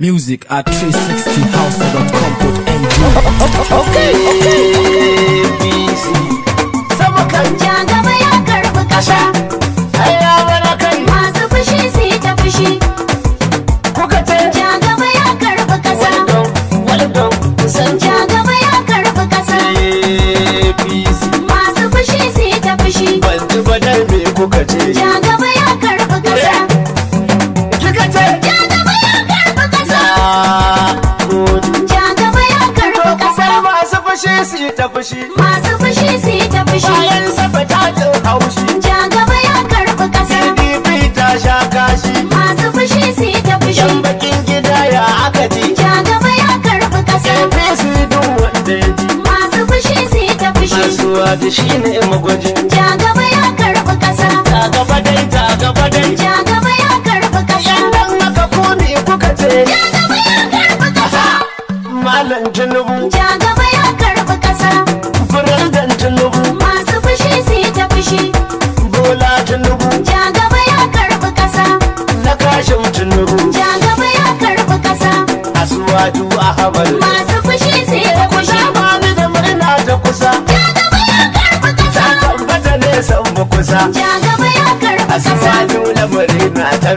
Music at 360house.com.ng. Okay, okay, okay. su yi ta fushi masu fushi su yi ta fushi bayan safa ta jin haushi ja gaba ya karbi kasa pdp ta sha kashi masu fushi su yi ta fushi yan bakin gida ya aka ji ja gaba ya karbi kasa apc duk wanda ya ji masu fushi su yi ta fushi masu wadi ne magwaji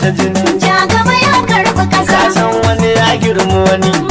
ta jini ja gaba ya san wani ya girma wani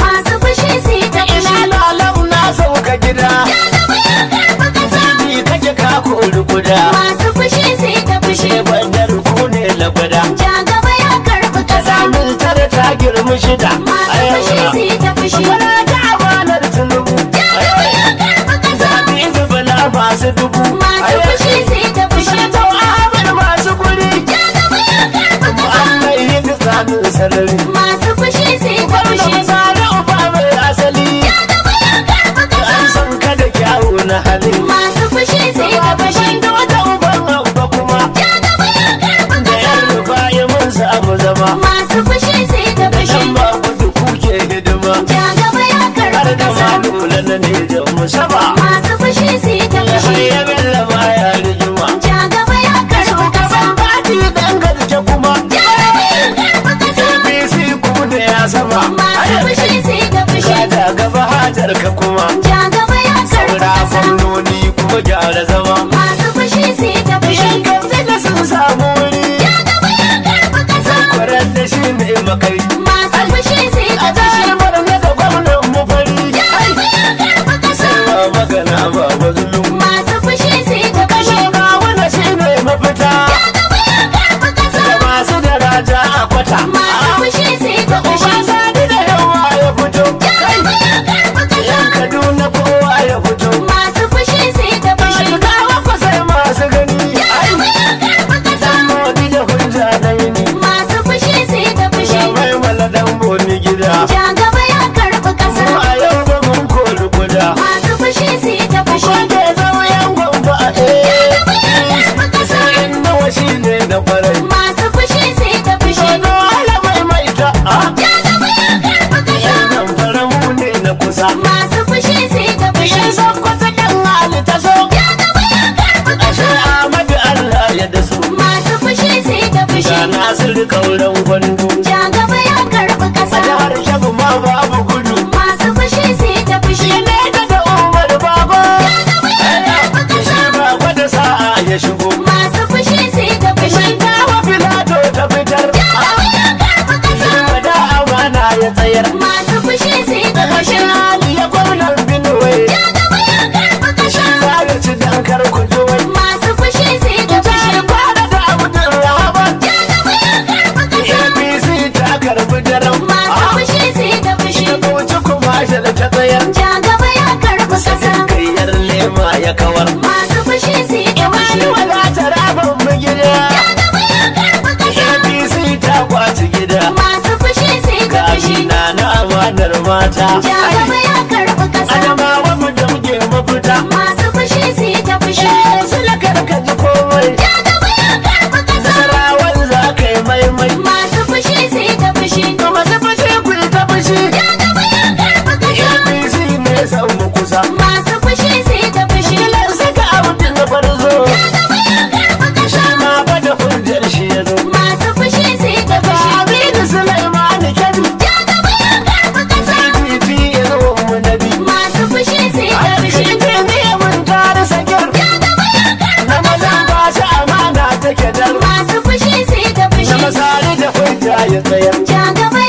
जागवे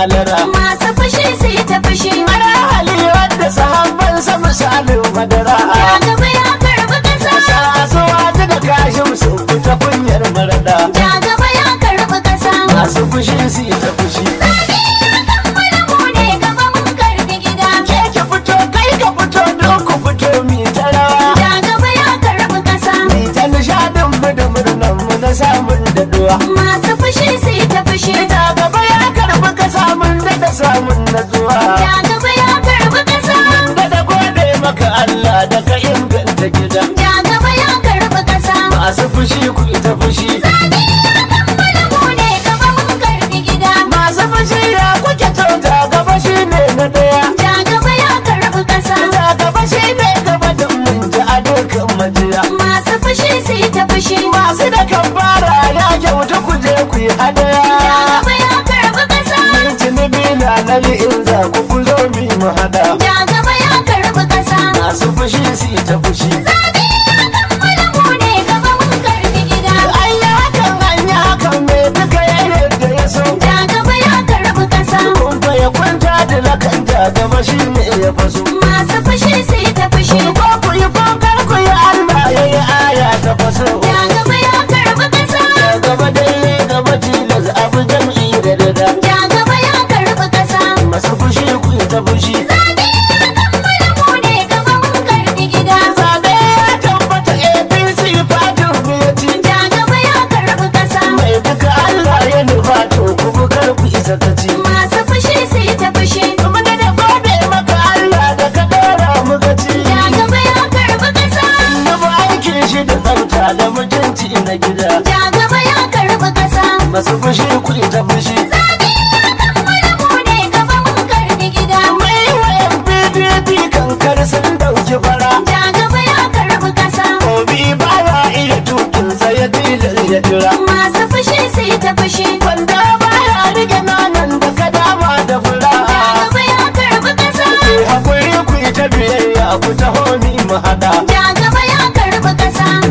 halara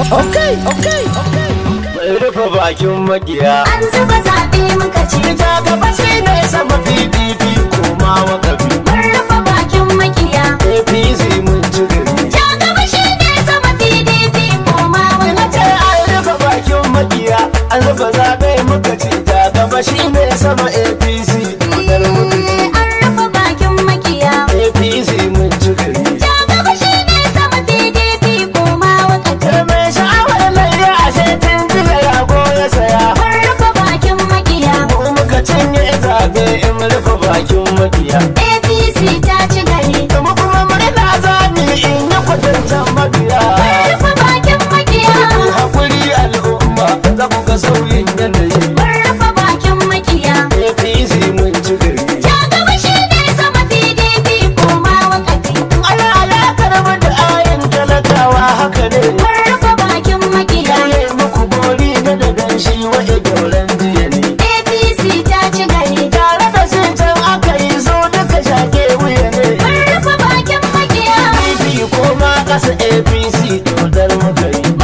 Okay, okay, okay. Rufe bakin magiya. An zuba zaɓe muka ci. Fita gaba shi ne sama PDP koma wa rufe bakin magiya. APC mun ci gari. Ja gaba shi ne sama PDP koma wa An rufe bakin magiya. An zuba zaɓe muka ci. gaba shi ne sama to dar my yi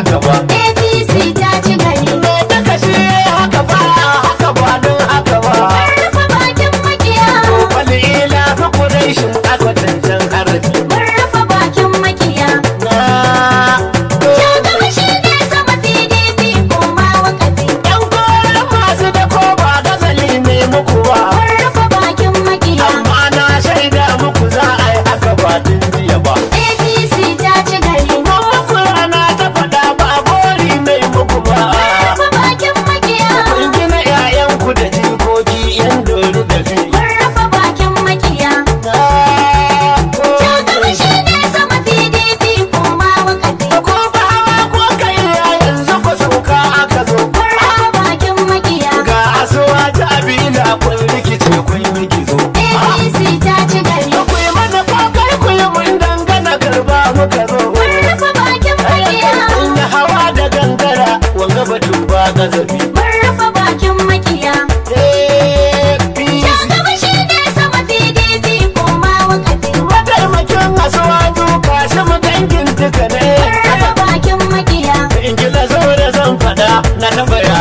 got one.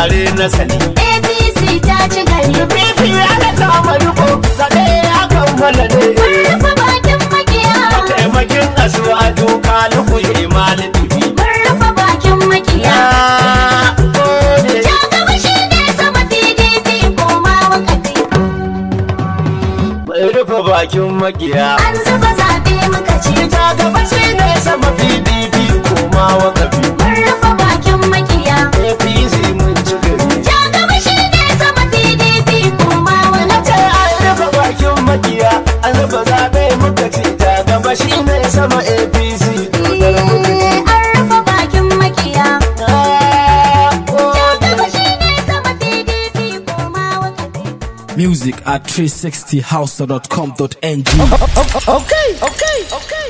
yare na sani apc ta ci gari pdp ya ga kama riko zaɓe ya kammala ne rufe bakin makiya mataimakin a duka luku imani dubi murrufe bakin makiya rufe bakin makiya an zuba zaɓe muka ce ta gaba shi ne sama pdp koma wa kabi 360house.com.ng. Okay, okay, okay.